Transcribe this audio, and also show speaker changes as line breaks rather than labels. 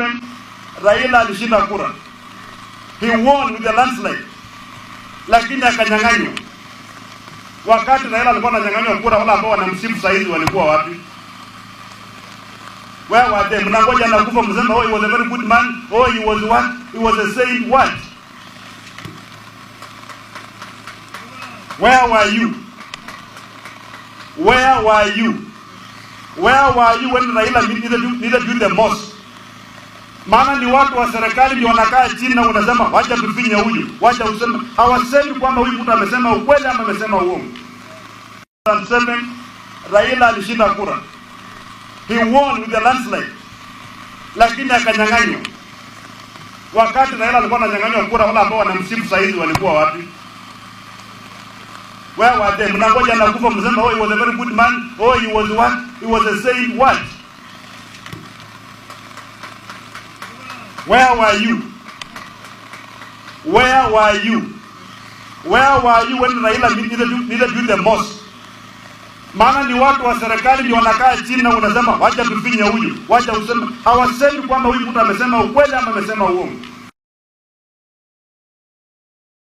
2007 Raila alishinda kura, he won with a landslide, lakini akanyang'anywa. Wakati Raila alikuwa ananyang'anywa kura, wala ambao wanamsifu saizi walikuwa wapi? Where were they? Mnangoja nakufa msema, oh he was a very good man, oh he was what, he was a saint, what? Where were you? Where were you? Where were you when Raila needed you, needed you the most? maana ni watu wa serikali ndio wanakaa chini na wanasema wacha tufinye huyu, wacha useme. Hawasemi kwamba huyu mtu amesema ukweli ama amesema uongo. Mseme Raila alishinda kura, he won with a landslide, lakini akanyang'anywa. Wakati Raila alikuwa ananyang'anywa kura, wala ambao wanamsifu sasa hizi walikuwa wapi? Where were they? Mnangoja nakufa msema, oh he was a very good man, oh he was what, he was a saint, what Where were you? Where were you? Where were you when Raila needed you the most? Maana ni watu wa serikali ndio wanakaa chini na unasema wacha tufinye huyu, wacha useme. Hawasemi kwamba huyu mtu amesema ukweli ama amesema uongo.